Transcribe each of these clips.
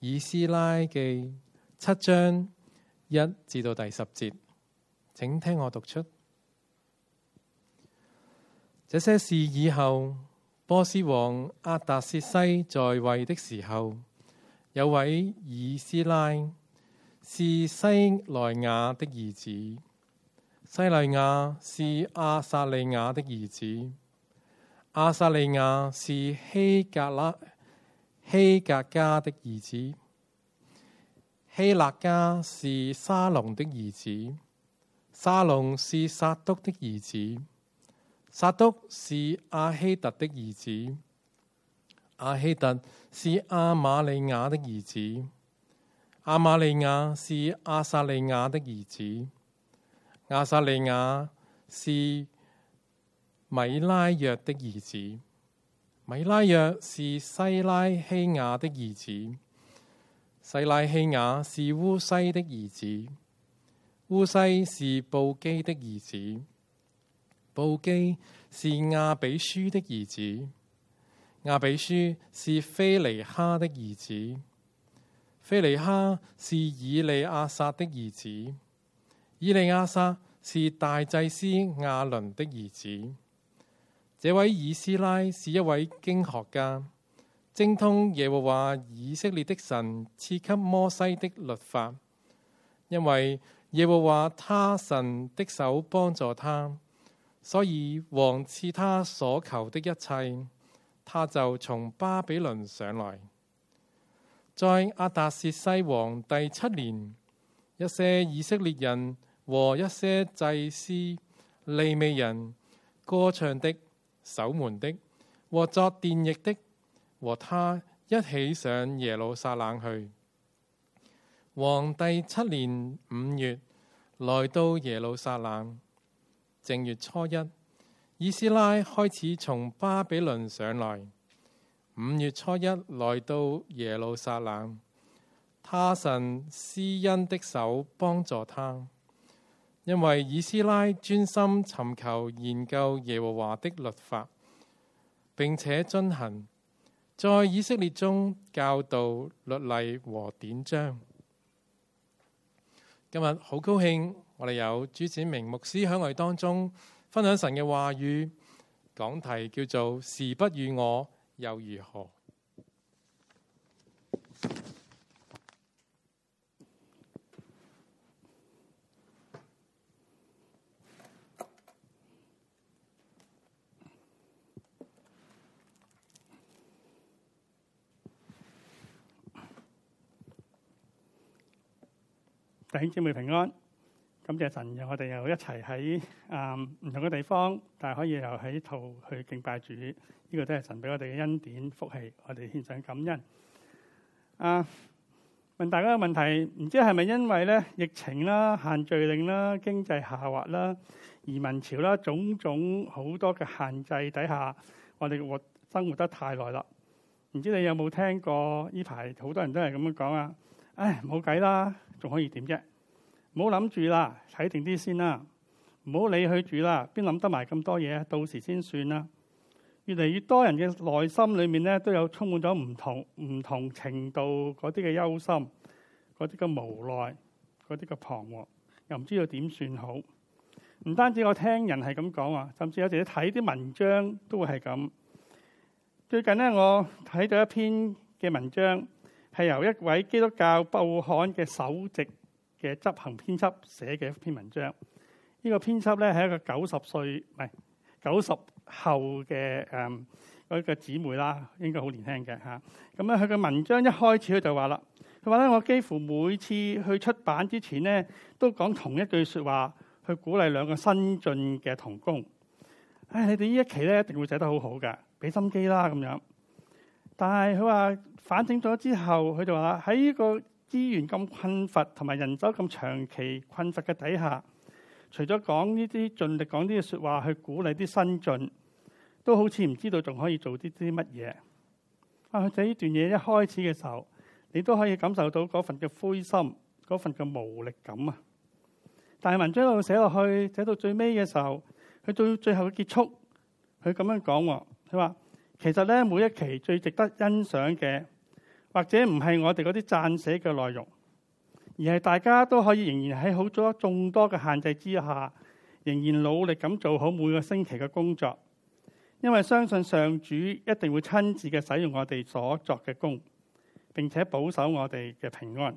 以斯拉記七章一至到第十節，請聽我讀出。這些事以後波斯王阿達薛西在位的時候，有位以斯拉是西萊雅的兒子，西萊雅是阿薩利亞的兒子，阿薩利亞是阿撒利雅的兒子，阿撒利雅是希格拉。希格加的兒子，希勒加是沙龍的兒子，沙龍是撒督的兒子，撒督是阿希特的兒子，阿希特是阿瑪利亞的兒子，阿瑪利亞是阿薩利亞的兒子，阿薩利亞是米拉約的兒子。米拉約是西拉希亞的兒子，西拉希亞是烏西的兒子，烏西是布基的兒子，布基是亞比舒的兒子，亞比舒是菲尼哈的兒子，菲尼哈是以利亞撒的兒子，以利亞撒是大祭司亞倫的兒子。這位以斯拉是一位經學家，精通耶和華以色列的神賜給摩西的律法。因為耶和華他神的手幫助他，所以王賜他所求的一切，他就從巴比倫上來。在阿達薛西王第七年，一些以色列人和一些祭司、利未人歌唱的。守門的和作殿役的，和他一起上耶路撒冷去。王第七年五月來到耶路撒冷，正月初一，以斯拉開始從巴比倫上來。五月初一來到耶路撒冷，他神施恩的手幫助他。因為以斯拉專心尋求研究耶和華的律法，並且遵行，在以色列中教導律例和典章。今日好高興，我哋有朱展明牧師喺我哋當中分享神嘅話語，講題叫做「時不與我，又如何？」弟兄姐妹平安，感謝神，我哋又一齊喺唔同嘅地方，但係可以又喺度去敬拜主，呢個都係神俾我哋嘅恩典福氣，我哋獻上感恩。啊，問大家個問題，唔知係咪因為咧疫情啦、限聚令啦、經濟下滑啦、移民潮啦、種種好多嘅限制底下，我哋活生活得太耐啦。唔知你有冇聽過呢排好多人都係咁樣講啊？唉，冇計啦，仲可以點啫？唔好諗住啦，睇定啲先啦。唔好理佢住啦，邊諗得埋咁多嘢啊？到時先算啦。越嚟越多人嘅內心裏面咧，都有充滿咗唔同唔同程度嗰啲嘅憂心，嗰啲嘅無奈，嗰啲嘅彷徨，又唔知道點算好。唔單止我聽人係咁講啊，甚至有時睇啲文章都會係咁。最近咧，我睇咗一篇嘅文章。係由一位基督教報刊嘅首席嘅執行編輯寫嘅一篇文章。呢個編輯咧係一個九十歲唔係九十後嘅誒，嗰個姊妹啦，應該好年輕嘅吓。咁咧，佢嘅文章一開始佢就話啦，佢話咧，我幾乎每次去出版之前咧都講同一句說話，去鼓勵兩個新進嘅同工。唉、哎，你哋呢一期咧一定會寫得好好噶，俾心機啦咁樣。但係佢話反省咗之後，佢就話喺呢個資源咁困乏，同埋人手咁長期困乏嘅底下，除咗講呢啲盡力講呢啲説話去鼓勵啲新進，都好似唔知道仲可以做啲啲乜嘢。啊，佢寫呢段嘢一開始嘅時候，你都可以感受到嗰份嘅灰心，嗰份嘅無力感啊！但係文章度寫落去，寫到最尾嘅時候，佢到最後嘅結束，佢咁樣講喎，佢話。其實咧，每一期最值得欣賞嘅，或者唔係我哋嗰啲撰寫嘅內容，而係大家都可以仍然喺好多眾多嘅限制之下，仍然努力咁做好每個星期嘅工作。因為相信上主一定會親自嘅使用我哋所作嘅工，並且保守我哋嘅平安。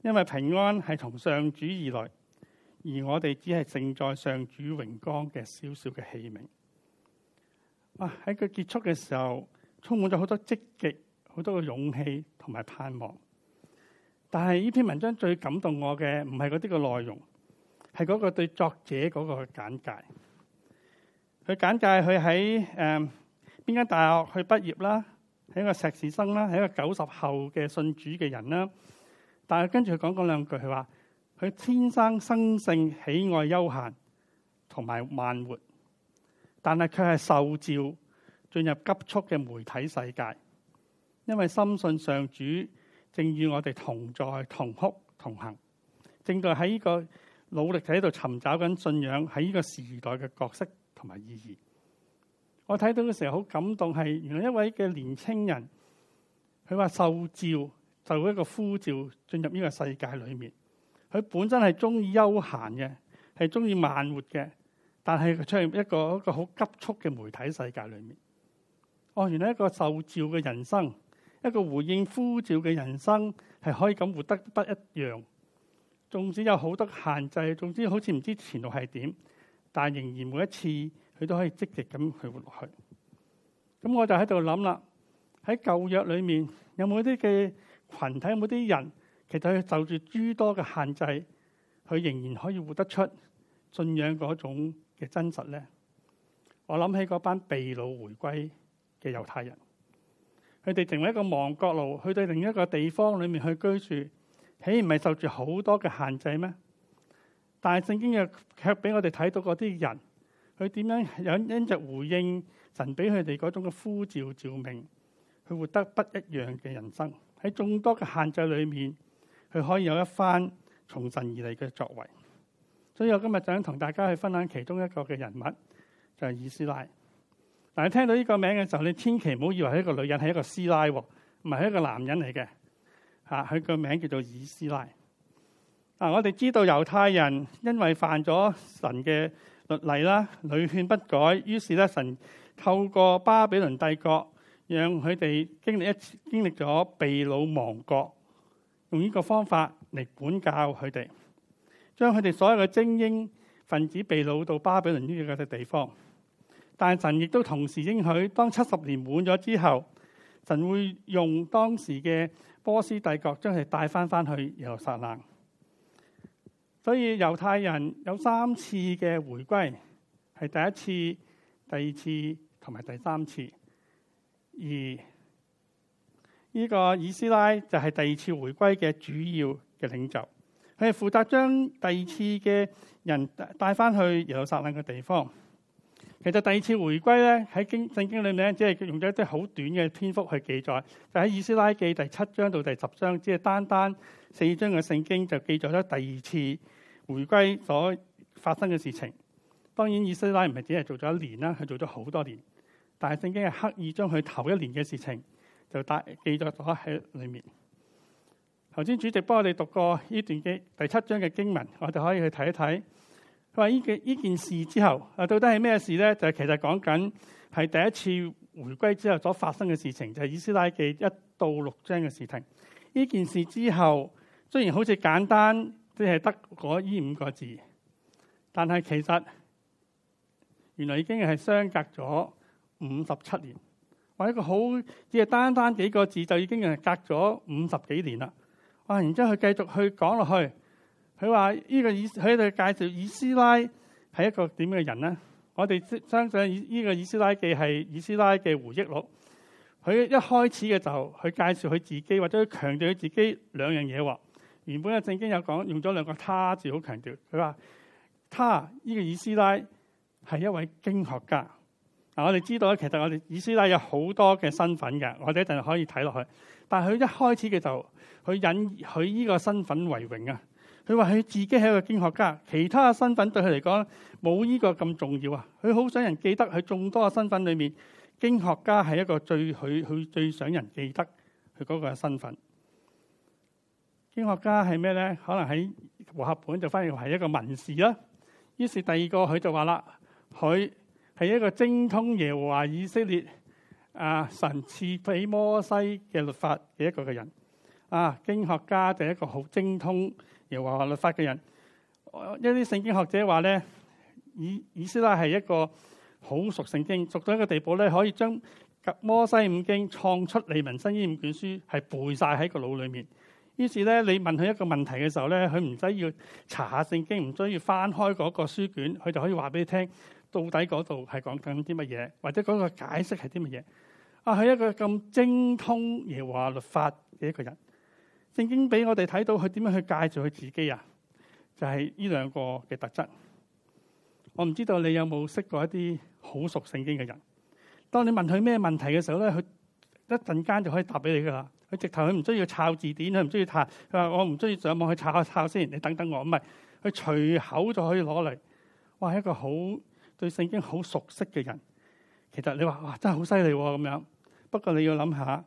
因為平安係從上主而來，而我哋只係盛載上主榮光嘅小小嘅器皿。啊，喺佢結束嘅時候，充滿咗好多積極，好多嘅勇氣同埋盼望。但係呢篇文章最感動我嘅，唔係嗰啲嘅內容，係嗰個對作者嗰個嘅簡介。佢簡介佢喺誒邊間大學去畢業啦，係一個碩士生啦，係一個九十後嘅信主嘅人啦。但係跟住佢講講兩句，佢話佢天生生性喜愛悠閒同埋慢活。但係佢係受召進入急速嘅媒體世界，因為深信上主正與我哋同在、同哭、同行，正在喺呢個努力喺度尋找緊信仰喺呢個時代嘅角色同埋意義。我睇到嘅時候好感動，係原來一位嘅年青人，佢話受召就一個呼召進入呢個世界裏面。佢本身係中意休閒嘅，係中意慢活嘅。但係佢出現一個一個好急速嘅媒體世界裏面，哦，原來一個受召嘅人生，一個回應呼召嘅人生，係可以咁活得不一樣。總之有好多限制，總之好似唔知前路係點，但仍然每一次佢都可以積極咁去活落去。咁我就喺度諗啦，喺舊約裏面有冇啲嘅群體，有冇啲人其實佢受住諸多嘅限制，佢仍然可以活得出信仰嗰種嘅真實咧，我諗起嗰班被擄回歸嘅猶太人，佢哋成為一個亡國奴，去到另一個地方裏面去居住，豈唔係受住好多嘅限制咩？但係聖經嘅卻俾我哋睇到嗰啲人，佢點樣有因着回應神俾佢哋嗰種嘅呼召召命，佢活得不一樣嘅人生。喺眾多嘅限制裏面，佢可以有一番從神而嚟嘅作為。所以我今日就想同大家去分享其中一個嘅人物，就係、是、以斯拉。但係聽到呢個名嘅時候，你千祈唔好以為係一個女人，係一個師奶喎，唔係一個男人嚟嘅。嚇，佢個名叫做以斯拉。嗱，我哋知道猶太人因為犯咗神嘅律例啦，屢勸不改，於是咧神透過巴比倫帝國，讓佢哋經歷一經歷咗被擄亡國，用呢個方法嚟管教佢哋。將佢哋所有嘅精英分子被擄到巴比倫呢個地方，但係神亦都同時應許，當七十年滿咗之後，神會用當時嘅波斯帝國將佢帶翻翻去耶路撒冷。所以猶太人有三次嘅回歸，係第一次、第二次同埋第三次，而呢個以斯拉就係第二次回歸嘅主要嘅領袖。佢係負責將第二次嘅人帶翻去耶路撒冷嘅地方。其實第二次回歸咧，喺經聖經裏面咧，只係用咗一啲好短嘅篇幅去記載，就喺《以斯拉記》第七章到第十章，只係單單四章嘅聖經就記載咗第二次回歸所發生嘅事情。當然，以斯拉唔係只係做咗一年啦，佢做咗好多年。但係聖經係刻意將佢頭一年嘅事情就帶記載咗喺裏面。頭先主席幫我哋讀過呢段嘅第七章嘅經文，我哋可以去睇一睇。佢話：呢件呢件事之後啊，到底係咩事咧？就係、係、其實講緊係第一次回歸之後所發生嘅事情，就係、係《以斯拉記》一到六章嘅事情。呢件事之後，雖然好似簡單，即係得嗰呢五個字，但係其實原來已經係相隔咗五十七年，或者一個好只係單單幾個字就已經係隔咗五十幾年啦。哇！然之後佢繼續去講落去，佢話、這個：呢個以佢喺度介紹以斯拉係一個點嘅人咧。我哋相信以呢個以斯拉記係以斯拉嘅回憶錄。佢一開始嘅時候，佢介紹佢自己，或者佢強調佢自己兩樣嘢。原本嘅正經有講用咗兩個他字，好強調。佢話：他呢、這個以斯拉係一位經學家。嗱，我哋知道咧，其實我哋以斯拉有好多嘅身份嘅，我哋一陣可以睇落去。但係佢一開始嘅時候，佢引佢呢個身份為榮啊！佢話佢自己係一個經學家，其他身份對佢嚟講冇呢個咁重要啊！佢好想人記得佢眾多嘅身份裏面，經學家係一個最佢佢最想人記得佢嗰個身份。經學家係咩咧？可能喺和合本就反而係一個文士啦。於是第二個佢就話啦，佢係一個精通耶和華以色列，啊！神賜俾摩西嘅律法嘅一個嘅人，啊經學家就係一個好精通，又話律法嘅人。啊、一啲聖經學者話咧，以以斯拉係一個好熟聖經，熟到一個地步咧，可以將摩西五經、創出、利、民、申、呢五卷書係背晒喺個腦裏面。於是咧，你問佢一個問題嘅時候咧，佢唔使要查下聖經，唔需要翻開嗰個書卷，佢就可以話俾你聽，到底嗰度係講緊啲乜嘢，或者嗰個解釋係啲乜嘢。啊，係一個咁精通耶和華律法嘅一個人，聖經俾我哋睇到佢點樣去介紹佢自己啊，就係呢兩個嘅特質。我唔知道你有冇識過一啲好熟聖經嘅人，當你問佢咩問題嘅時候咧，佢一陣間就可以答俾你噶啦。佢直頭佢唔需要抄字典，佢唔中意查，佢話我唔中意上網去抄下抄先，你等等我，唔係佢隨口就可以攞嚟。哇，一個好對聖經好熟悉嘅人，其實你話哇真係好犀利咁樣。不過你要諗下，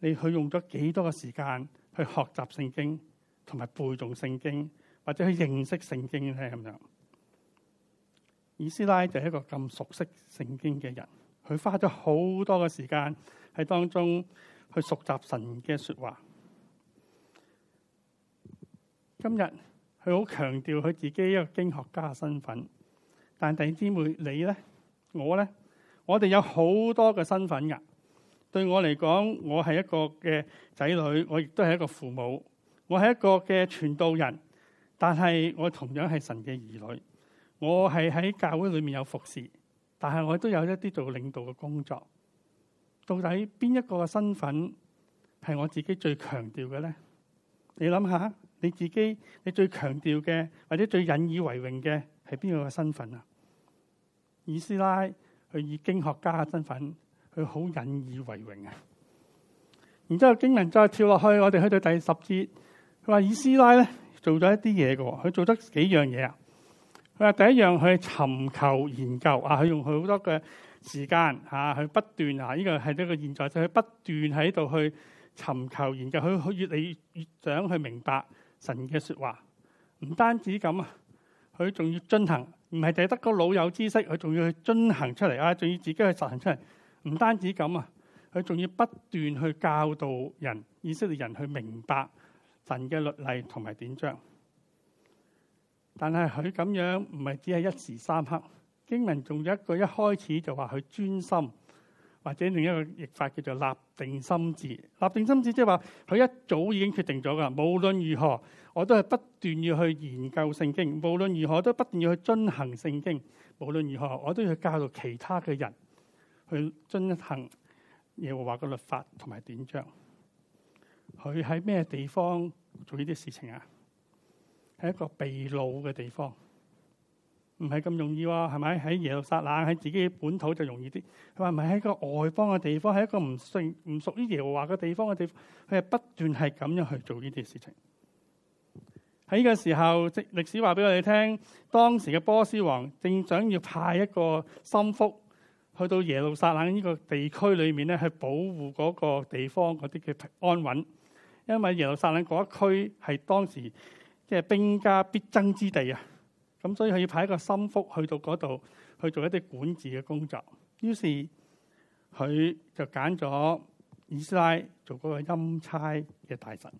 你去用咗幾多嘅時間去學習聖經，同埋背誦聖經，或者去認識聖經咧咁樣。以斯拉就係一個咁熟悉聖經嘅人，佢花咗好多嘅時間喺當中去熟習神嘅說話。今日佢好強調佢自己一個經學家嘅身份，但係弟兄姊妹，你呢？我呢？我哋有好多嘅身份噶。對我嚟講，我係一個嘅仔女，我亦都係一個父母，我係一個嘅傳道人，但係我同樣係神嘅兒女。我係喺教會裏面有服侍，但係我都有一啲做領導嘅工作。到底邊一個嘅身份係我自己最強調嘅呢？你諗下，你自己你最強調嘅或者最引以為榮嘅係邊個嘅身份啊？以斯拉去以經學家嘅身份。佢好引以為榮啊！然之後，經文再跳落去，我哋去到第十節，佢話以斯拉咧做咗一啲嘢嘅，佢做咗幾樣嘢啊！佢話第一樣，佢去尋求研究啊，佢用佢好多嘅時間啊，佢不斷啊，呢個係呢個現在就係不斷喺度去尋求研究，佢、這個、越嚟越，越想去明白神嘅説話。唔單止咁啊，佢仲要進行，唔係淨係得個老友知識，佢仲要去進行出嚟啊，仲要自己去實行出嚟。唔單止咁啊，佢仲要不斷去教導人以色列人去明白神嘅律例同埋典章。但係佢咁樣唔係只係一時三刻。經文仲有一句一開始就話佢專心，或者另一個譯法叫做立定心志。立定心志即係話佢一早已經決定咗噶，無論如何我都係不斷要去研究聖經，無論如何我都不斷要去遵行聖經，無論如何我都要教導其他嘅人。去遵行耶和華嘅律法同埋典章。佢喺咩地方做呢啲事情啊？係一個秘魯嘅地方，唔係咁容易喎，係咪？喺耶路撒冷，喺自己本土就容易啲。佢話唔係喺一個外邦嘅地方，喺一個唔屬唔屬於耶和華嘅地方嘅地方。佢係不斷係咁樣去做呢啲事情。喺呢個時候，即歷史話俾我哋聽，當時嘅波斯王正想要派一個心腹。去到耶路撒冷呢個地區裏面咧，去保護嗰個地方嗰啲嘅平安穩，因為耶路撒冷嗰一區係當時即係兵家必爭之地啊。咁所以佢要派一個心腹去到嗰度去做一啲管治嘅工作。於是佢就揀咗以斯拉做嗰個欽差嘅大臣。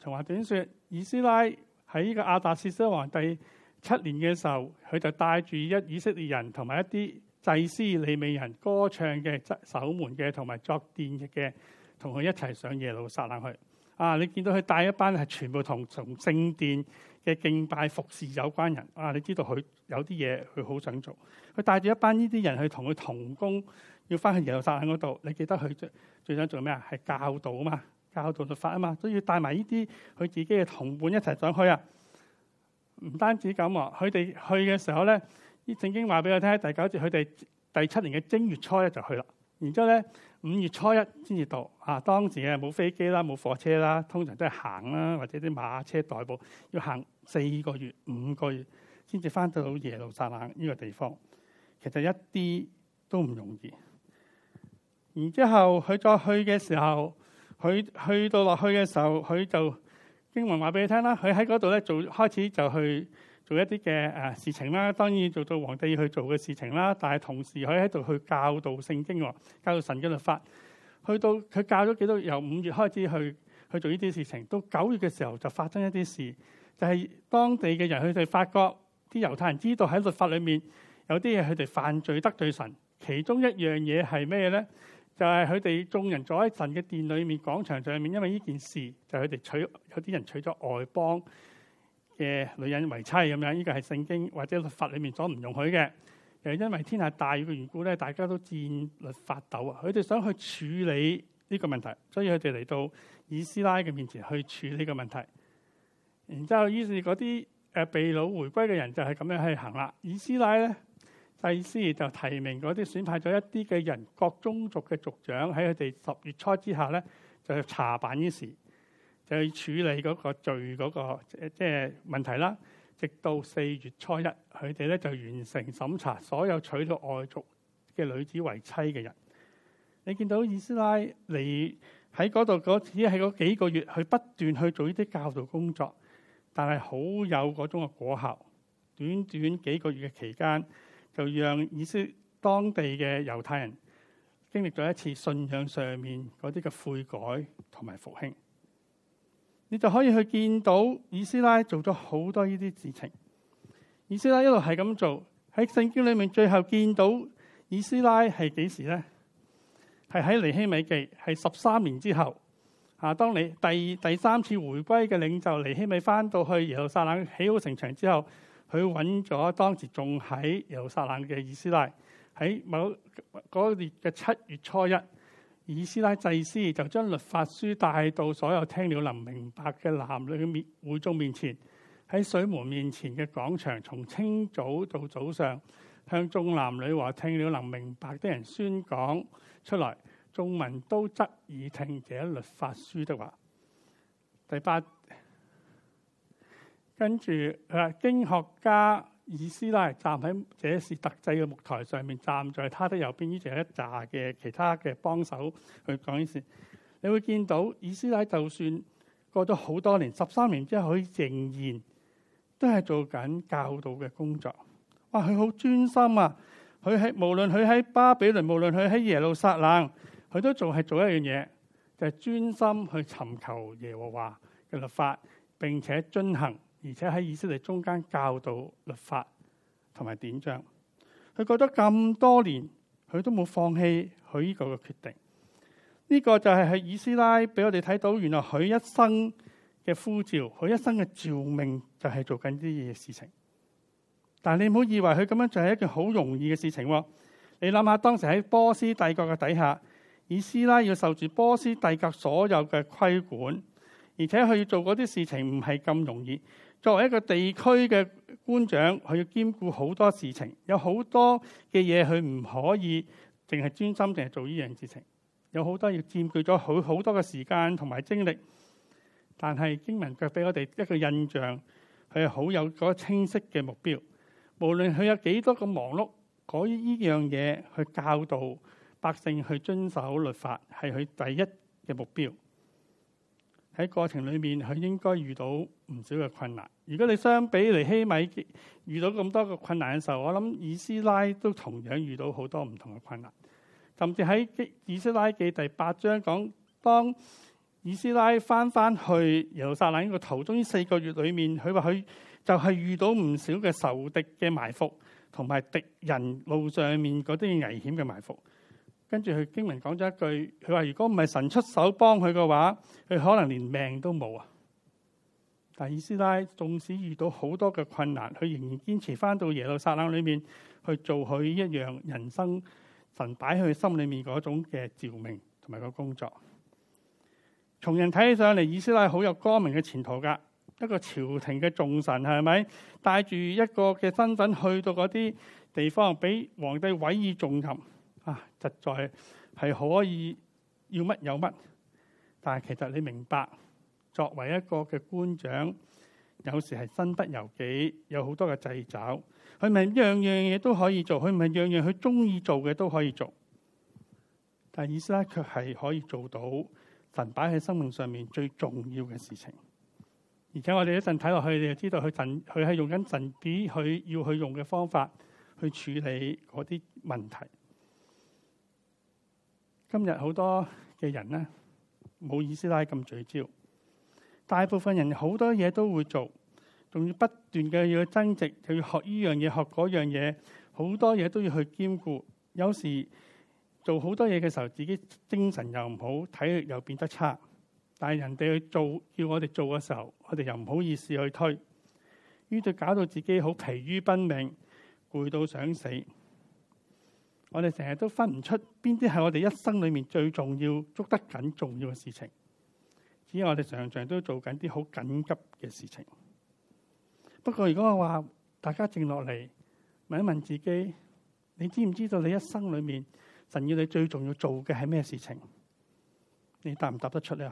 長話短說，以斯拉喺呢個亞達斯斯皇帝七年嘅時候，佢就帶住一以色列人同埋一啲。祭司、利未人、歌唱嘅、守門嘅、同埋作殿嘅，同佢一齊上耶路撒冷去。啊，你見到佢帶一班係全部同同聖殿嘅敬拜服侍有關人。啊，你知道佢有啲嘢佢好想做。佢帶住一班呢啲人去同佢同工，要翻去耶路撒冷嗰度。你記得佢最最想做咩啊？係教導啊嘛，教導律法啊嘛，所以要帶埋呢啲佢自己嘅同伴一齊上去啊。唔單止咁啊，佢哋去嘅時候咧。聖經話俾我聽，第九節佢哋第七年嘅正月初一就去啦，然之後咧五月初一先至到。啊，當時嘅冇飛機啦，冇火車啦，通常都係行啦，或者啲馬車代步，要行四個月、五個月先至翻到耶路撒冷呢個地方。其實一啲都唔容易。然之後佢再去嘅時候，佢去到落去嘅時候，佢就經文話俾你聽啦，佢喺嗰度咧做開始就去。做一啲嘅誒事情啦，當然做到皇帝去做嘅事情啦，但係同時可以喺度去教導聖經，教導神嘅律法。去到佢教咗幾多月，由五月開始去去做呢啲事情，到九月嘅時候就發生一啲事，就係、是、當地嘅人佢哋發覺啲猶太人知道喺律法裏面有啲嘢佢哋犯罪得罪神，其中一樣嘢係咩呢？就係佢哋眾人坐喺神嘅殿裏面廣場上裏面，因為呢件事就佢、是、哋取有啲人取咗外邦嘅女人為妻咁樣，呢、這個係聖經或者律法裏面所唔容許嘅。又因為天下大雨嘅緣故咧，大家都戰栗發抖啊！佢哋想去處理呢個問題，所以佢哋嚟到以斯拉嘅面前去處理個問題。然之後，於是嗰啲誒被擄回歸嘅人就係咁樣去行啦。以斯拉咧，祭司就提名嗰啲選派咗一啲嘅人，各宗族嘅族長喺佢哋十月初之下咧，就去查辦呢事。就去處理嗰個罪嗰、嗰個即即、即係、問題啦。直到四月初一，佢哋咧就完成審查所有娶到外族嘅女子為妻嘅人。你見到以斯拉嚟喺嗰度嗰，只係嗰幾個月，去不斷去做呢啲教導工作，但係好有嗰種嘅果效。短短幾個月嘅期間，就讓以斯當地嘅猶太人經歷咗一次信仰上面嗰啲嘅悔改同埋復興。你就可以去見到以斯拉做咗好多呢啲事情。以斯拉一路係咁做，喺聖經裏面最後見到以斯拉係幾時呢？係喺尼希米記係十三年之後。啊，當你第第三次回歸嘅領袖尼希米翻到去耶路撒冷起好城牆之後，佢揾咗當時仲喺耶路撒冷嘅以斯拉，喺某嗰年嘅七月初一。以斯拉祭司就將律法書帶到所有聽了能明白嘅男女面會眾面前，喺水門面前嘅廣場，從清早到早上，向眾男女或聽了能明白的人宣講出來。眾民都側耳聽這律法書的話。第八，跟住誒、啊，經學家。以斯拉站喺這是特製嘅木台上面，站在他的右邊，依住有一紮嘅其他嘅幫手去講呢事。你會見到以斯拉就算過咗好多年，十三年之後，佢仍然都係做緊教導嘅工作。哇，佢好專心啊！佢喺無論佢喺巴比倫，無論佢喺耶路撒冷，佢都仲係做一樣嘢，就係、是、專心去尋求耶和華嘅律法，並且遵行。而且喺以色列中間教導律法同埋典章，佢過咗咁多年，佢都冇放棄佢呢個嘅決定。呢個就係喺以斯拉俾我哋睇到，原來佢一生嘅呼召，佢一生嘅召命，就係做緊呢啲嘢事情。但係你唔好以為佢咁樣就係一件好容易嘅事情。你諗下，當時喺波斯帝國嘅底下，以斯拉要受住波斯帝國所有嘅規管，而且佢要做嗰啲事情唔係咁容易。作為一個地區嘅官長，佢要兼顧好多事情，有好多嘅嘢，佢唔可以淨係專心淨係做呢樣事情，有好多要佔據咗好好多嘅時間同埋精力。但係經文卻俾我哋一個印象，佢係好有個清晰嘅目標。無論佢有幾多個忙碌，嗰呢樣嘢去教導百姓去遵守律法，係佢第一嘅目標。喺過程裏面，佢應該遇到唔少嘅困難。如果你相比尼希米遇到咁多嘅困難嘅時候，我諗以斯拉都同樣遇到好多唔同嘅困難。甚至喺《以斯拉記》第八章講，當以斯拉翻翻去耶路撒冷個途中，嘅四個月裏面，佢話佢就係遇到唔少嘅仇敵嘅埋伏，同埋敵人路上面嗰啲危險嘅埋伏。跟住佢經文講咗一句，佢話：如果唔係神出手幫佢嘅話，佢可能連命都冇啊！但係以斯拉縱使遇到好多嘅困難，佢仍然堅持翻到耶路撒冷裏面去做佢一樣人生神擺喺佢心裏面嗰種嘅召命同埋個工作。從人睇起上嚟，以斯拉好有光明嘅前途噶，一個朝廷嘅重臣係咪？帶住一個嘅身份去到嗰啲地方，俾皇帝委以重任。實在係可以要乜有乜，但係其實你明白，作為一個嘅官長，有時係身不由己，有好多嘅掣肘。佢唔係樣樣嘢都可以做，佢唔係樣樣佢中意做嘅都可以做。但以斯拉卻係可以做到神擺喺生命上面最重要嘅事情，而且我哋一陣睇落去，你就知道佢神，佢係用緊神俾佢要去用嘅方法去處理嗰啲問題。今日好多嘅人呢，冇意思拉咁聚焦，大部分人好多嘢都會做，仲要不斷嘅要增值，就要學呢樣嘢，學嗰樣嘢，好多嘢都要去兼顧。有時做好多嘢嘅時候，自己精神又唔好，體力又變得差。但係人哋去做，要我哋做嘅時候，我哋又唔好意思去推，於是搞到自己好疲於奔命，攰到想死。我哋成日都分唔出邊啲係我哋一生裏面最重要、捉得緊重要嘅事情，只係我哋常常都做緊啲好緊急嘅事情。不過，如果我話大家靜落嚟問一問自己，你知唔知道你一生裏面神要你最重要做嘅係咩事情？你答唔答得出咧？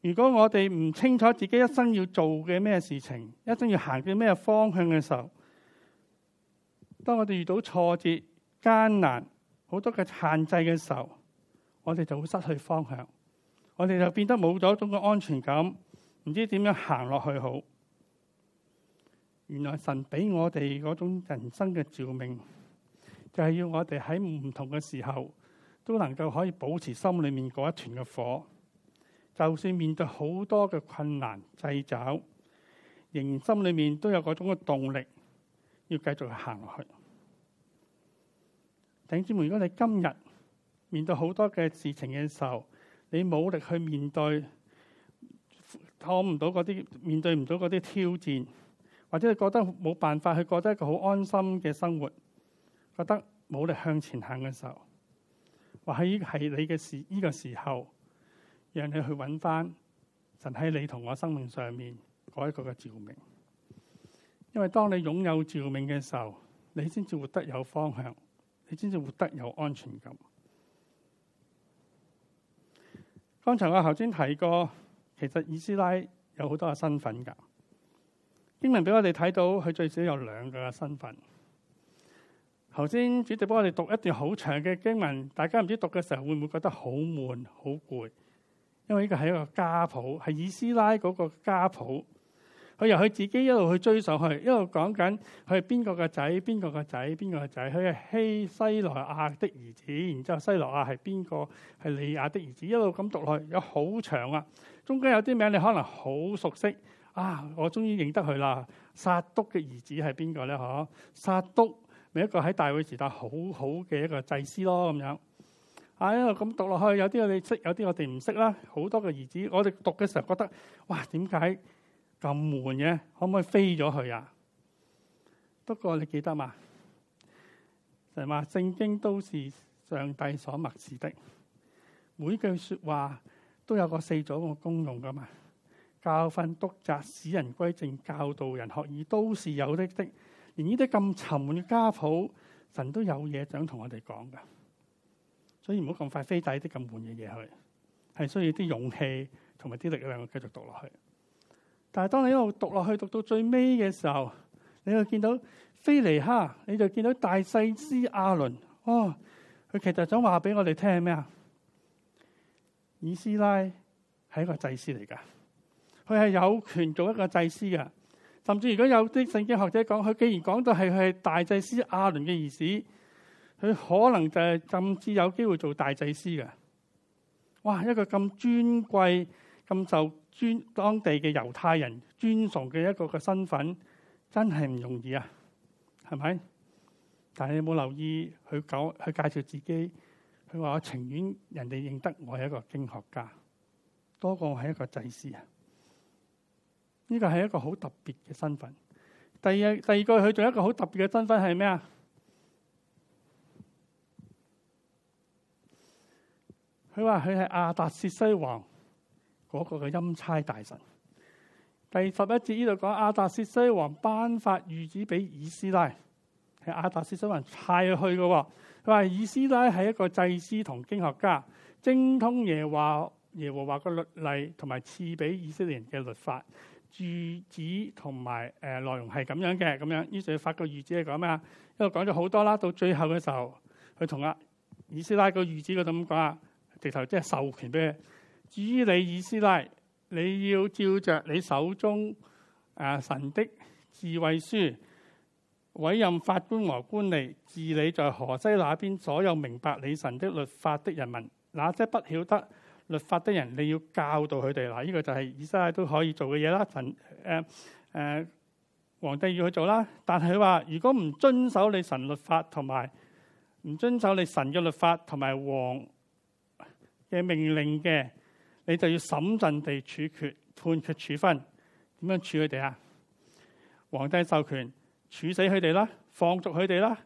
如果我哋唔清楚自己一生要做嘅咩事情，一生要行嘅咩方向嘅時候，當我哋遇到挫折、艱難、好多嘅限制嘅時候，我哋就會失去方向，我哋就變得冇咗嗰種安全感，唔知點樣行落去好。原來神俾我哋嗰種人生嘅召命，就係要我哋喺唔同嘅時候，都能夠可以保持心裏面嗰一團嘅火，就算面對好多嘅困難掣肘，仍然心裏面都有嗰種嘅動力，要繼續去行落去。弟兄，如果你今日面對好多嘅事情嘅時候，你冇力去面對，抗唔到嗰啲，面對唔到嗰啲挑戰，或者你覺得冇辦法去過得一個好安心嘅生活，覺得冇力向前行嘅時候，或者係你嘅時呢個時候，讓你去揾翻神喺你同我生命上面嗰一個嘅照明，因為當你擁有照明嘅時候，你先至活得有方向。你先至活得有安全感。剛才我頭先提過，其實以斯拉有好多個身份噶經文給我看到，俾我哋睇到佢最少有兩個身份。頭先，主席幫我哋讀一段好長嘅經文，大家唔知讀嘅時候會唔會覺得好悶、好攰？因為呢個係一個家譜，係以斯拉嗰個家譜。佢由佢自己一路去追上去，一路講緊佢係邊個個仔，邊個個仔，邊個個仔。佢係希西羅亞的兒子，然之後西羅亞係邊個？係利亞的兒子，一路咁讀落去有好長啊。中間有啲名你可能好熟悉啊，我終於認得佢啦。撒督嘅兒子係邊個咧？嗬，撒督咪一個喺大會時代好好嘅一個祭司咯，咁樣一路咁讀落去，有啲我哋識，有啲我哋唔識啦。好多個兒子，我哋讀嘅時候覺得哇，點解？咁悶嘅，可唔可以飛咗佢啊？不過你記得嘛？就係話聖經都是上帝所默示的，每句說話都有個四組嘅功用噶嘛。教訓督責，使人歸正教導人學義都是有的的。連呢啲咁沉悶嘅家譜，神都有嘢想同我哋講噶。所以唔好咁快飛晒啲咁悶嘅嘢去，係需要啲勇氣同埋啲力量繼續讀落去。但係當你一路讀落去，讀到最尾嘅時候，你就見到菲尼哈，你就見到大祭司亞倫。哇、哦！佢其實想話俾我哋聽係咩啊？以斯拉係一個祭司嚟噶，佢係有權做一個祭司噶。甚至如果有啲聖經學者講，佢既然講到係佢係大祭司亞倫嘅兒子，佢可能就係甚至有機會做大祭司嘅。哇！一個咁尊貴、咁就……尊當地嘅猶太人尊崇嘅一個嘅身份，真係唔容易啊，係咪？但係你有冇留意佢講，佢介紹自己？佢話我情願人哋認得我係一個經學家，多過我係一個祭司啊！呢個係一個好特別嘅身份。第二，第二個佢仲有一個好特別嘅身份係咩啊？佢話佢係亞達薛西王。嗰個嘅欽差大臣，第十一節呢度講亞達薛西王頒發諭旨俾以斯拉，係亞達薛西王派去嘅。佢話以斯拉係一個祭司同經學家，精通耶華耶和華嘅律例同埋賜俾以色列人嘅律法。諭旨同埋誒內容係咁樣嘅，咁樣。於是要發個諭旨係講咩啊？因為講咗好多啦，到最後嘅時候，佢同阿以斯拉個諭旨嗰度咁講，直頭即係授權俾至於你，以斯拉，你要照着你手中啊神的智慧書，委任法官和官吏，治理在河西那邊所有明白你神的律法的人民，那些不曉得律法的人，你要教導佢哋。嗱，呢個就係以斯拉都可以做嘅嘢啦。神，誒誒、呃呃，皇帝要去做啦。但係佢話，如果唔遵守你神律法同埋唔遵守你神嘅律法同埋王嘅命令嘅。你就要審慎地處決判決處分，點樣處佢哋啊？皇帝授權處死佢哋啦，放逐佢哋啦，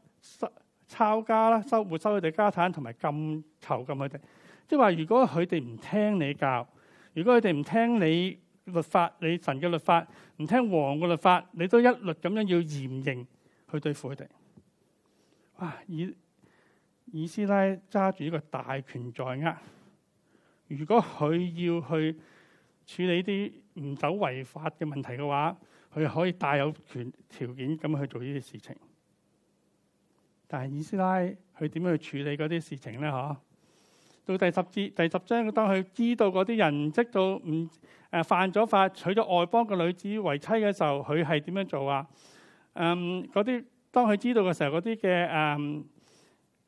抄家啦，收沒收佢哋家產，同埋禁囚禁佢哋。即係話，如果佢哋唔聽你教，如果佢哋唔聽你律法，你神嘅律法，唔聽王嘅律法，你都一律咁樣要嚴刑去對付佢哋。啊，以以斯拉揸住呢個大權在握。如果佢要去處理啲唔走違法嘅問題嘅話，佢可以大有權條件咁去做呢啲事情。但係以斯拉佢點樣去處理嗰啲事情咧？嗬？到第十節第十章，當佢知道嗰啲人即到唔誒犯咗法，娶咗外邦嘅女子為妻嘅時候，佢係點樣做啊？嗯，嗰啲當佢知道嘅時候，嗰啲嘅誒。嗯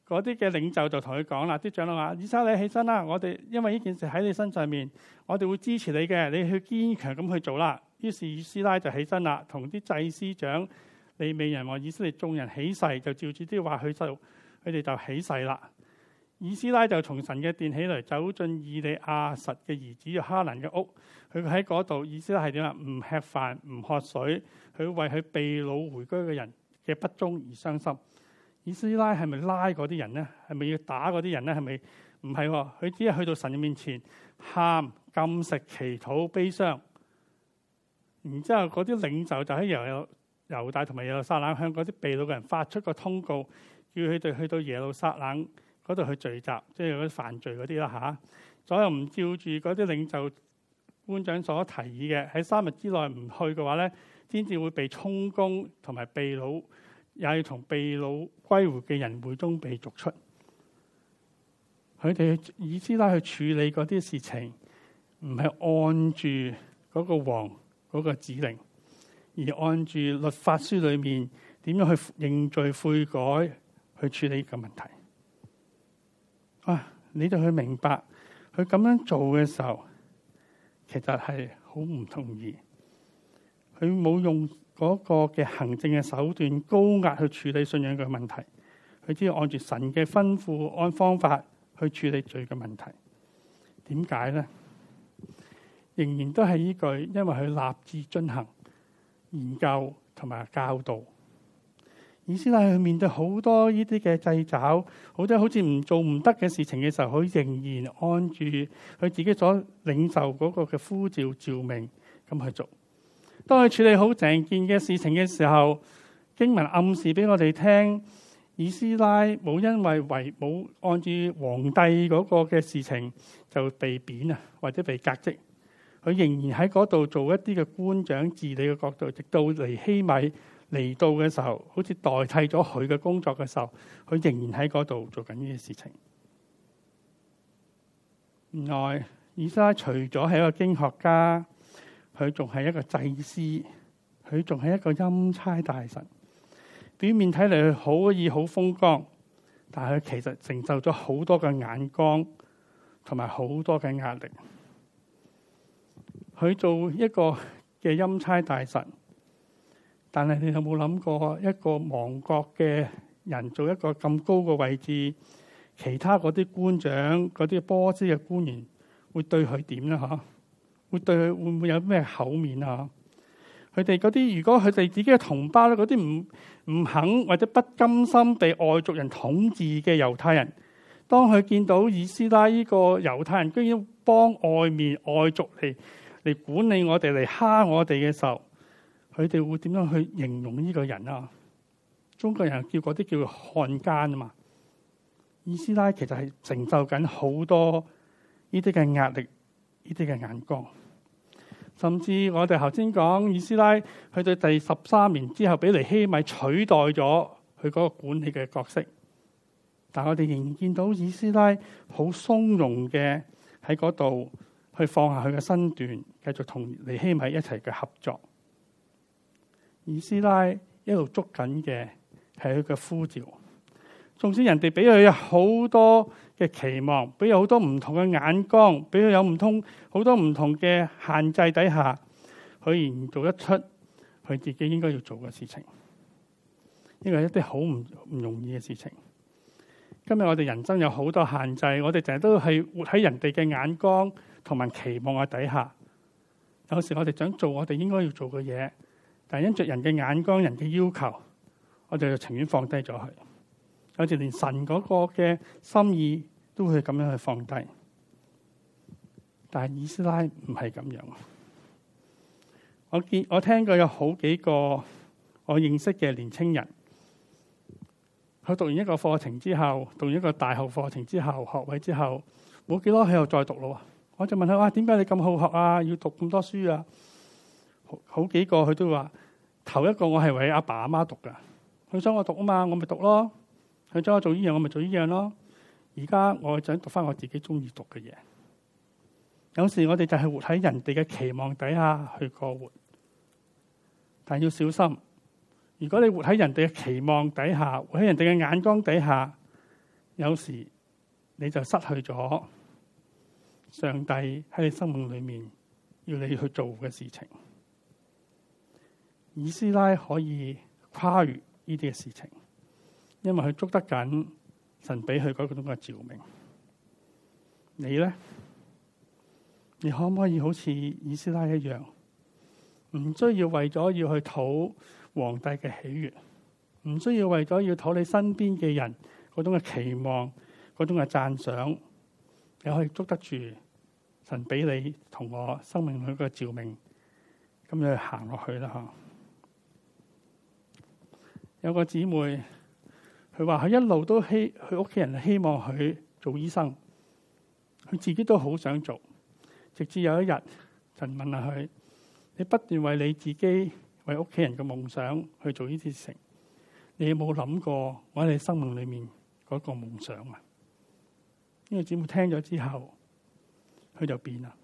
嗰啲嘅領袖就同佢講啦，啲長老話，以色列你起身啦，我哋因為呢件事喺你身上面，我哋會支持你嘅，你去堅強咁去做啦。於是以斯拉就起身啦，同啲祭司長、利未人和以色列眾人起誓，就照住啲話，佢就佢哋就起誓啦。以斯拉就從神嘅殿起嚟，走進以利亞實嘅兒子哈蘭嘅屋，佢喺嗰度。以斯拉係點啊？唔吃飯，唔喝水，佢為佢被擄回居嘅人嘅不忠而傷心。以斯拉係咪拉嗰啲人咧？係咪要打嗰啲人咧？係咪唔係？佢只係去到神嘅面前喊、禁食、祈禱、悲傷。然之後嗰啲領袖就喺耶路猶大同埋耶路撒冷向嗰啲被擄嘅人發出個通告，叫佢哋去到耶路撒冷嗰度去聚集，即係嗰啲犯罪嗰啲啦嚇。所有唔照住嗰啲領袖官長所提議嘅，喺三日之內唔去嘅話咧，先至會被充公，同埋被擄，也要同被擄歸回嘅人會中被逐出，佢哋以斯拉去處理嗰啲事情，唔係按住嗰個王嗰個指令，而按住律法書裏面點樣去認罪悔改去處理個問題。啊，你就去明白佢咁樣做嘅時候，其實係好唔同意，佢冇用。嗰個嘅行政嘅手段高壓去處理信仰嘅問題，佢只要按住神嘅吩咐，按方法去處理罪嘅問題。點解呢？仍然都係依句，因為佢立志進行研究同埋教導。意思係佢面對好多呢啲嘅掣肘，好多好似唔做唔得嘅事情嘅時候，佢仍然按住佢自己所領受嗰個嘅呼召召命咁去做。當佢處理好成件嘅事情嘅時候，經文暗示俾我哋聽，以斯拉冇因為為冇按住皇帝嗰個嘅事情就被貶啊，或者被革職，佢仍然喺嗰度做一啲嘅官長治理嘅角度，直到尼希米嚟到嘅時候，好似代替咗佢嘅工作嘅時候，佢仍然喺嗰度做緊呢啲事情。原來以斯拉除咗係一個經學家。佢仲係一個祭司，佢仲係一個欽差大臣。表面睇嚟，佢可以好風光，但係佢其實承受咗好多嘅眼光同埋好多嘅壓力。佢做一個嘅欽差大臣，但係你有冇諗過一個亡國嘅人做一個咁高嘅位置，其他嗰啲官長、嗰啲波斯嘅官員會對佢點呢？吓？會對佢會唔會有咩口面啊？佢哋嗰啲，如果佢哋自己嘅同胞咧，嗰啲唔唔肯或者不甘心被外族人統治嘅猶太人，當佢見到以斯拉呢個猶太人居然幫外面外族嚟嚟管理我哋嚟蝦我哋嘅時候，佢哋會點樣去形容呢個人啊？中國人叫嗰啲叫做漢奸啊嘛。以斯拉其實係承受緊好多呢啲嘅壓力。呢啲嘅眼光，甚至我哋頭先講以斯拉，佢在第十三年之後俾尼希米取代咗佢嗰個管理嘅角色，但我哋仍然見到以斯拉好松容嘅喺嗰度去放下佢嘅身段，繼續同尼希米一齊嘅合作。以斯拉一路捉緊嘅係佢嘅呼召。縱使人哋俾佢好多嘅期望，俾佢好多唔同嘅眼光，俾佢有唔同好多唔同嘅限制底下，佢仍做得出佢自己應該要做嘅事情，呢個係一啲好唔唔容易嘅事情。今日我哋人生有好多限制，我哋成日都係活喺人哋嘅眼光同埋期望嘅底下。有時我哋想做我哋應該要做嘅嘢，但係因着人嘅眼光、人嘅要求，我哋就情願放低咗佢。有時連神嗰個嘅心意都會咁樣去放低，但係以斯拉唔係咁樣。我見我聽過有好幾個我認識嘅年青人，佢讀完一個課程之後，讀完一個大學課程之後，學位之後冇幾多，佢又再讀咯。我就問佢：哇、哎，點解你咁好學啊？要讀咁多書啊？好，好幾個佢都話：頭一個我係為阿爸阿媽讀噶，佢想我讀啊嘛，我咪讀咯。我做呢樣，我咪做呢樣咯。而家我想讀翻我自己中意讀嘅嘢。有時我哋就係活喺人哋嘅期望底下去過活，但要小心。如果你活喺人哋嘅期望底下，活喺人哋嘅眼光底下，有時你就失去咗上帝喺你生命裏面要你去做嘅事情。以斯拉可以跨越呢啲嘅事情。因為佢捉得緊，神俾佢嗰種嘅召命。你咧，你可唔可以好似以斯拉一樣，唔需要為咗要去討皇帝嘅喜悦，唔需要為咗要討你身邊嘅人嗰種嘅期望、嗰種嘅讚賞，你可以捉得住神俾你同我生命去嘅召命，咁樣行落去啦。嗬，有個姊妹。佢話佢一路都希佢屋企人希望佢做醫生，佢自己都好想做。直至有一日，神問下佢，你不斷為你自己、為屋企人嘅夢想去做呢啲事情，你有冇諗過我喺你生命裏面嗰個夢想啊？呢、這個姊妹聽咗之後，佢就變啦。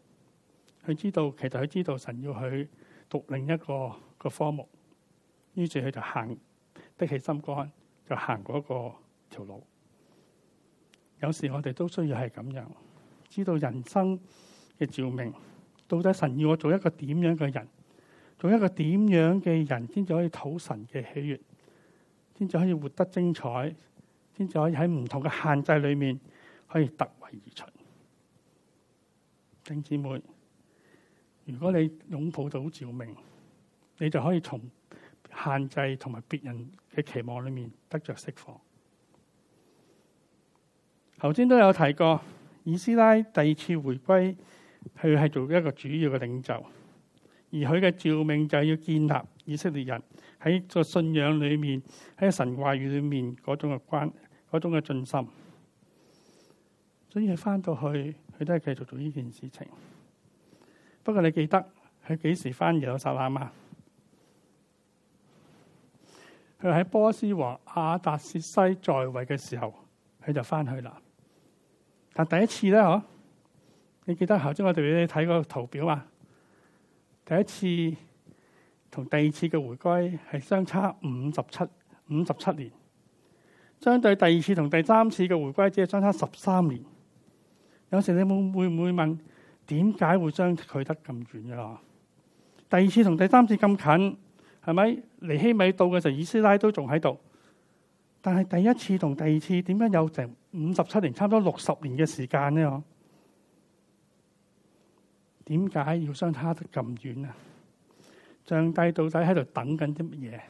佢知道，其實佢知道神要佢讀另一個一個科目，於是佢就行，的起心肝。就行過一個條路，有時我哋都需要係咁樣，知道人生嘅照明，到底神要我做一個點樣嘅人，做一個點樣嘅人先至可以討神嘅喜悅，先至可以活得精彩，先至可以喺唔同嘅限制裏面可以突圍而出。弟兄姊妹，如果你擁抱到照明，你就可以從限制同埋別人嘅期望裏面得着釋放。頭先都有提過，以斯拉第二次回歸，佢係做一個主要嘅領袖，而佢嘅召命就係要建立以色列人喺個信仰裏面，喺神話語裏面嗰種嘅關，嗰種嘅信心。所以佢翻到去，佢都係繼續做呢件事情。不過你記得佢幾時翻耶路撒冷啊？佢喺波斯王亞達薛西在位嘅時候，佢就翻去啦。但第一次咧，你記得頭先我哋俾你睇個圖表啊？第一次同第二次嘅回歸係相差五十七五十七年，相對第二次同第三次嘅回歸只係相差十三年。有時你會會唔會問為什麼會麼，點解會將佢得咁遠啊？第二次同第三次咁近，係咪？尼希米到嘅時候以斯拉都仲喺度，但係第一次同第二次點解有成五十七年，差唔多六十年嘅時間咧？點解要相差得咁遠啊？上帝到底喺度等緊啲乜嘢，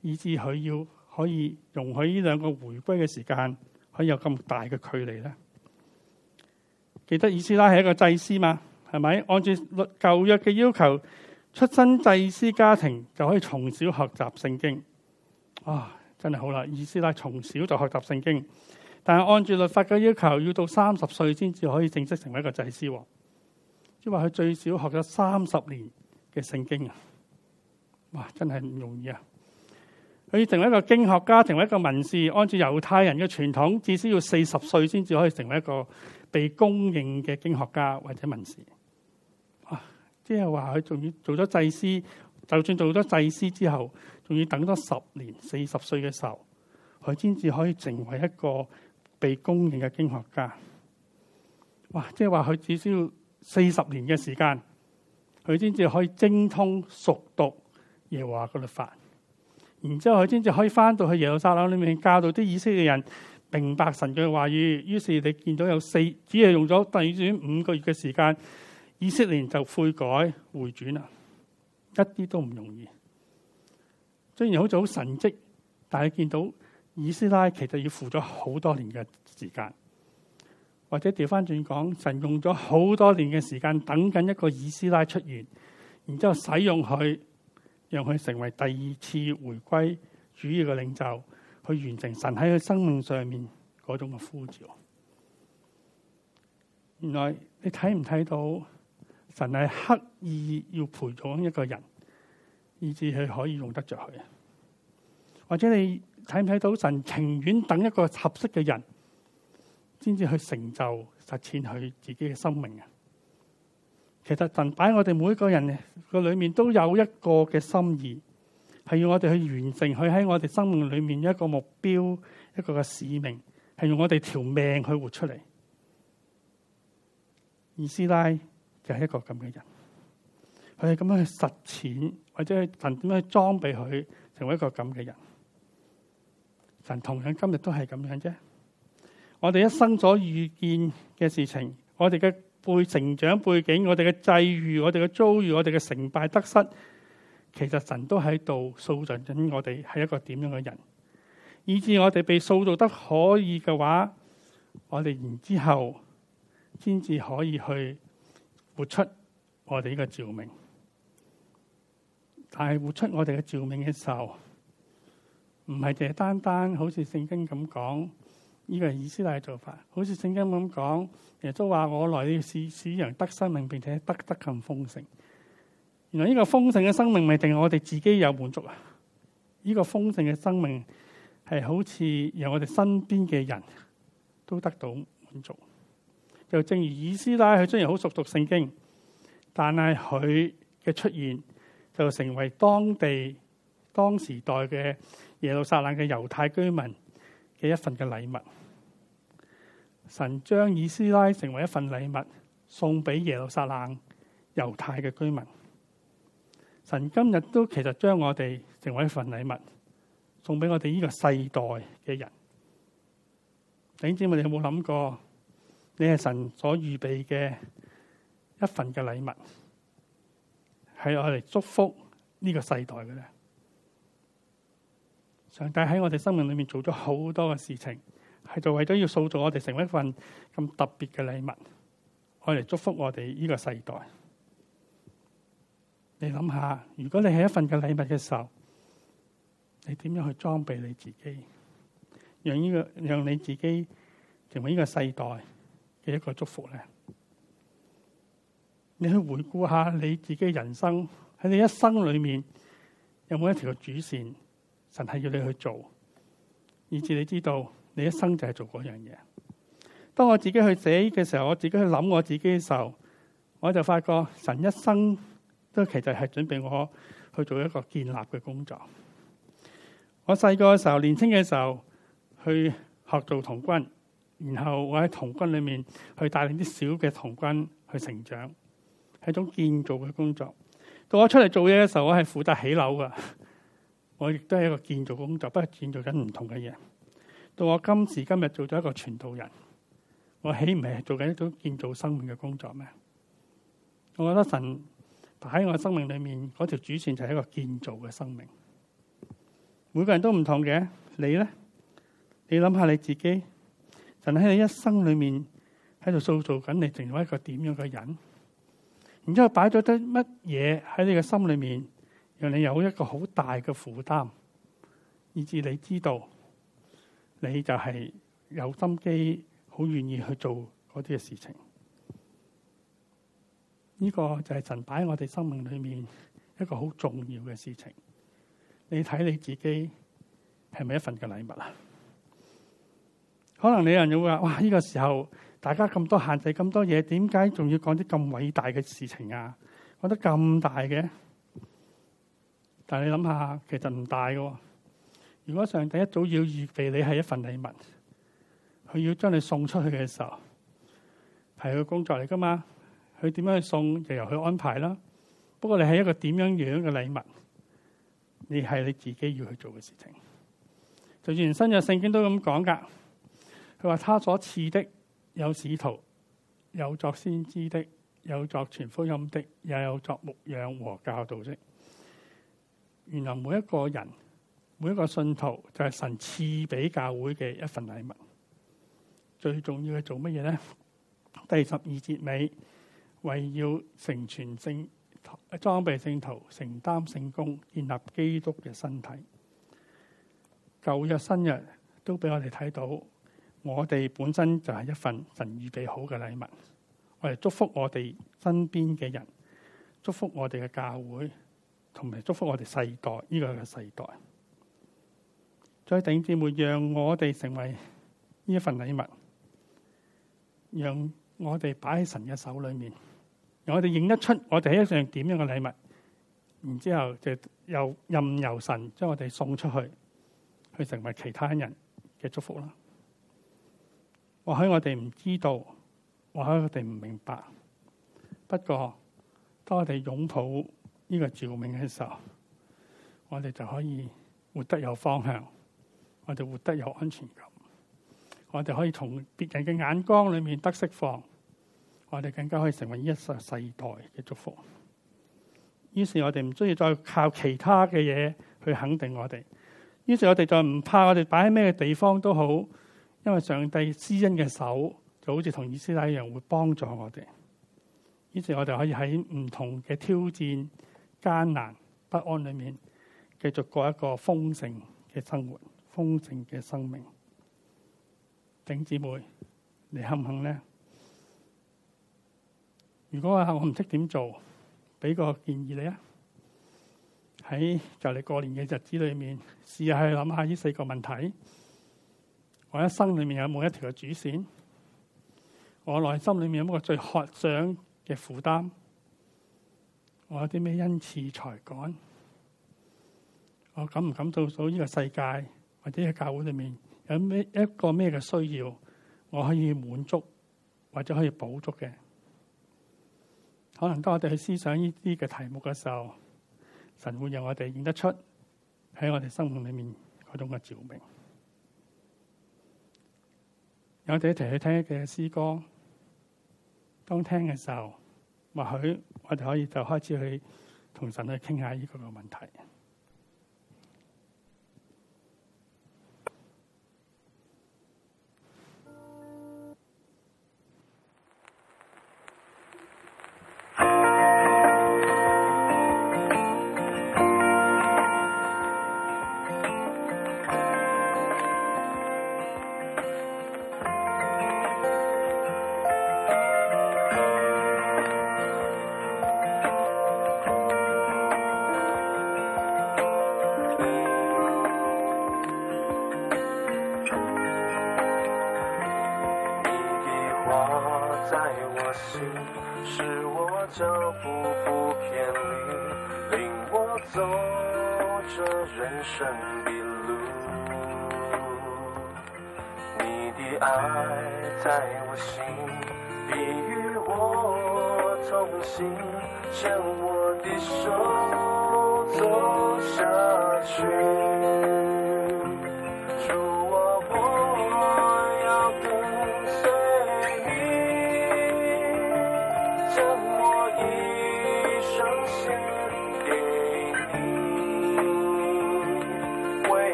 以致佢要可以容許呢兩個回歸嘅時間，可以有咁大嘅距離咧？記得以斯拉係一個祭司嘛，係咪？按照舊約嘅要求。出身祭司家庭就可以從小學習聖經，啊，真係好啦！以斯拉從小就學習聖經，但係按住律法嘅要求，要到三十歲先至可以正式成為一個祭司喎，即係話佢最少學咗三十年嘅聖經啊！哇，真係唔容易啊！佢要成為一個經學家，成為一個文士，按照猶太人嘅傳統，至少要四十歲先至可以成為一個被公認嘅經學家或者文士。即係話佢仲要做咗祭司，就算做咗祭司之後，仲要等多十年，四十歲嘅時候，佢先至可以成為一個被公認嘅經學家。哇！即係話佢只需要四十年嘅時間，佢先至可以精通熟讀耶和華嘅律法，然之後佢先至可以翻到去耶路撒冷裏面教導啲以色列人明白神嘅話語。於是你見到有四，只係用咗短短五個月嘅時間。以色列就悔改回轉啦，一啲都唔容易。雖然好早神蹟，但係見到以斯拉其實要付咗好多年嘅時間，或者調翻轉講，神用咗好多年嘅時間等緊一個以斯拉出現，然之後使用佢，讓佢成為第二次回歸主要嘅領袖，去完成神喺佢生命上面嗰種嘅呼召。原來你睇唔睇到？神係刻意要培養一個人，以至佢可以用得着佢。或者你睇唔睇到神情願等一個合適嘅人，先至去成就實踐佢自己嘅生命啊？其實神擺我哋每一個人個裏面，都有一個嘅心意，係要我哋去完成佢喺我哋生命裏面一個目標，一個嘅使命，係用我哋條命去活出嚟。而師奶。就係一個咁嘅人，佢係咁樣去實踐，或者神點樣去裝備佢，成為一個咁嘅人。神同樣今日都係咁樣啫。我哋一生所遇見嘅事情，我哋嘅背成長背景，我哋嘅際遇，我哋嘅遭遇，我哋嘅成敗得失，其實神都喺度塑造緊我哋係一個點樣嘅人，以至我哋被塑造得可以嘅話，我哋然之後先至可以去。活出我哋呢個召命。但係活出我哋嘅召命嘅時候，唔係淨係單單好似聖經咁講，呢個係以色列嘅做法。好似聖經咁講，亦都話我來要使使羊得生命，並且得得更豐盛。原來呢個豐盛嘅生命，未定，係我哋自己有滿足啊！呢個豐盛嘅生命係好似由我哋身邊嘅人都得到滿足。就正如以斯拉，佢雖然好熟讀聖經，但係佢嘅出現就成為當地當時代嘅耶路撒冷嘅猶太居民嘅一份嘅禮物。神將以斯拉成為一份禮物送俾耶路撒冷猶太嘅居民。神今日都其實將我哋成為一份禮物送俾我哋呢個世代嘅人。弟兄姊妹，你有冇諗過？你係神所預備嘅一份嘅禮物，係我嚟祝福呢個世代嘅咧。上帝喺我哋生命裏面做咗好多嘅事情，係就為咗要塑造我哋成為一份咁特別嘅禮物，我嚟祝福我哋呢個世代。你諗下，如果你係一份嘅禮物嘅時候，你點樣去裝備你自己，讓呢個讓你自己成為呢個世代？嘅一個祝福咧，你去回顧下你自己人生，喺你一生裏面有冇一條主線，神係要你去做，以至你知道你一生就係做嗰樣嘢。當我自己去寫嘅時候，我自己去諗我自己嘅時候，我就發覺神一生都其實係準備我去做一個建立嘅工作。我細個嘅時候，年輕嘅時候去學做童軍。然後我喺童軍裏面去帶領啲小嘅童軍去成長，係一種建造嘅工作。到我出嚟做嘢嘅時候，我係負責起樓㗎。我亦都係一個建造工作，不過建造緊唔同嘅嘢。到我今時今日做咗一個傳道人，我豈唔係做緊一種建造生命嘅工作咩？我覺得神喺我生命裏面嗰條主線就係一個建造嘅生命。每個人都唔同嘅，你咧？你諗下你自己。神喺你一生裏面喺度塑造緊你成為一個點樣嘅人，然之後擺咗啲乜嘢喺你嘅心裏面，讓你有一個好大嘅負擔，以至你知道你就係有心機，好願意去做嗰啲嘅事情。呢個就係神擺喺我哋生命裏面一個好重要嘅事情。你睇你自己係咪一份嘅禮物啊？可能你有人會話：哇！依個時候，大家咁多限制，咁多嘢，點解仲要講啲咁偉大嘅事情啊？覺得咁大嘅，但係你諗下，其實唔大嘅。如果上帝一早要預備你係一份禮物，佢要將你送出去嘅時候，係佢工作嚟噶嘛？佢點樣去送就由佢安排啦。不過你係一個點樣樣嘅禮物，你係你自己要去做嘅事情。甚至新約聖經都咁講㗎。佢話他，他所賜的有使徒，有作先知的，有作傳福音的，也有作牧養和教導的。原來每一個人每一個信徒就係、是、神賜俾教會嘅一份禮物。最重要嘅做乜嘢呢？第十二節尾為要成全聖徒裝備聖徒，承擔聖工、建立基督嘅身體。舊約新約都俾我哋睇到。我哋本身就係一份神預備好嘅禮物，我哋祝福我哋身邊嘅人，祝福我哋嘅教會，同埋祝福我哋世代呢個嘅世代。所以弟兄姊妹，讓我哋成為呢一份禮物，讓我哋擺喺神嘅手裏面，讓我哋認得出我哋係一樣點樣嘅禮物，然之後就又任由神將我哋送出去，去成為其他人嘅祝福啦。或許我哋唔知道，或許我哋唔明白。不過當我哋擁抱呢個召命嘅時候，我哋就可以活得有方向，我哋活得有安全感，我哋可以從別人嘅眼光裏面得釋放，我哋更加可以成為一世世代嘅祝福。於是我哋唔需要再靠其他嘅嘢去肯定我哋，於是我哋就唔怕我哋擺喺咩地方都好。因為上帝施恩嘅手，就好似同以色列一樣，會幫助我哋，於是我哋可以喺唔同嘅挑戰、艱難、不安裏面，繼續過一個豐盛嘅生活、豐盛嘅生命。弟兄姊妹，你肯唔肯呢？如果我唔識點做，俾個建議你啊！喺就嚟過年嘅日子裏面，試下去諗下呢四個問題。我一生裏面有冇一條嘅主線？我內心裏面有冇個最渴想嘅負擔？我有啲咩恩賜才幹？我感唔感到到呢個世界或者喺教會裏面有咩一個咩嘅需要，我可以滿足或者可以補足嘅？可能當我哋去思想呢啲嘅題目嘅時候，神會讓我哋認得出喺我哋生命裏面嗰種嘅照明。我哋一齊去聽嘅詩歌，當聽嘅時候，或許我哋可以就開始去同神去傾下呢個問題。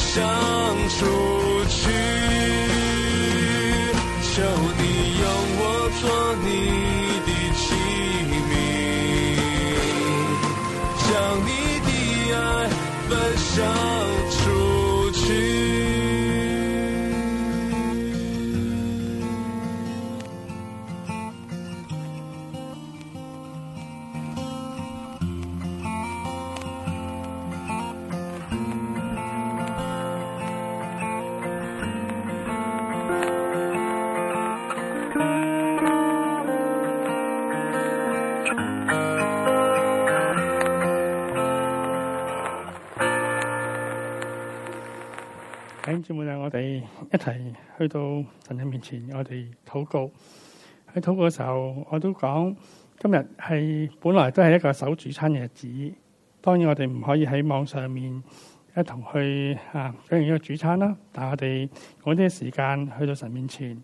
想出去。提去到神嘅面前，我哋禱告。喺禱告嘅時候，我都講今日係本來都係一個守主餐嘅日子。當然，我哋唔可以喺網上面一同去啊，舉行呢個主餐啦。但係我哋嗰啲時間去到神面前，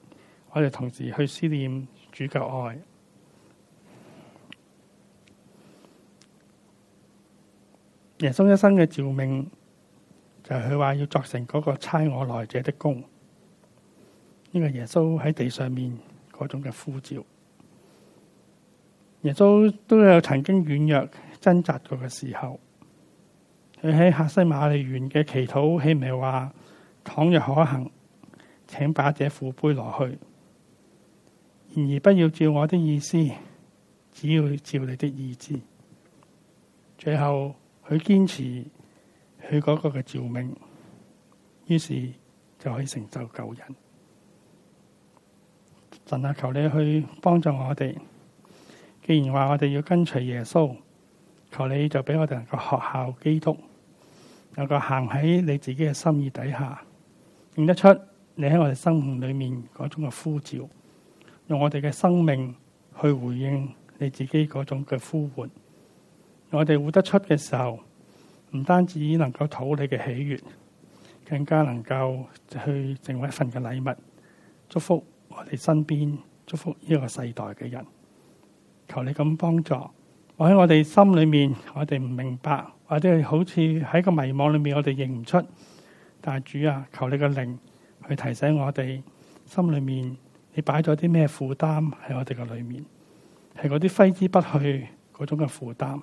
我哋同時去思念主嘅愛。耶穌一生嘅召命就係佢話要作成嗰個差我來者的功。呢個耶穌喺地上面嗰種嘅呼召，耶穌都有曾經軟弱掙扎過嘅時候。佢喺客西馬利園嘅祈禱，係咪話倘若可行，請把這父杯攞去，然而不要照我的意思，只要照你的意志。最後佢堅持佢嗰個嘅召命，於是就可以成就救人。神啊，求你去幫助我哋。既然話我哋要跟隨耶穌，求你就俾我哋能夠學效基督，能夠行喺你自己嘅心意底下，認得出你喺我哋生命裏面嗰種嘅呼召，用我哋嘅生命去回應你自己嗰種嘅呼喚。我哋活得出嘅時候，唔單止能夠討你嘅喜悦，更加能夠去成為一份嘅禮物祝福。我哋身邊祝福呢個世代嘅人，求你咁幫助。我喺我哋心裏面，我哋唔明白，或者好似喺個迷惘裏面，我哋認唔出。但係主啊，求你嘅靈去提醒我哋心裏面，你擺咗啲咩負擔喺我哋嘅裏面，係嗰啲揮之不去嗰種嘅負擔。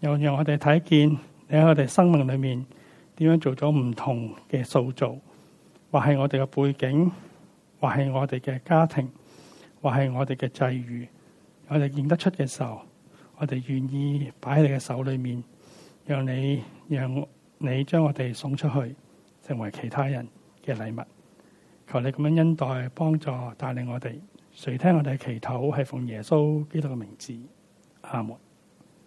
又讓我哋睇見你喺我哋生命裏面點樣做咗唔同嘅塑造，或係我哋嘅背景。或係我哋嘅家庭，或係我哋嘅際遇，我哋認得出嘅時候，我哋願意擺喺你嘅手裏面，讓你讓你將我哋送出去，成為其他人嘅禮物。求你咁樣恩待、幫助、帶領我哋。垂聽我哋嘅祈禱係奉耶穌基督嘅名字。阿門。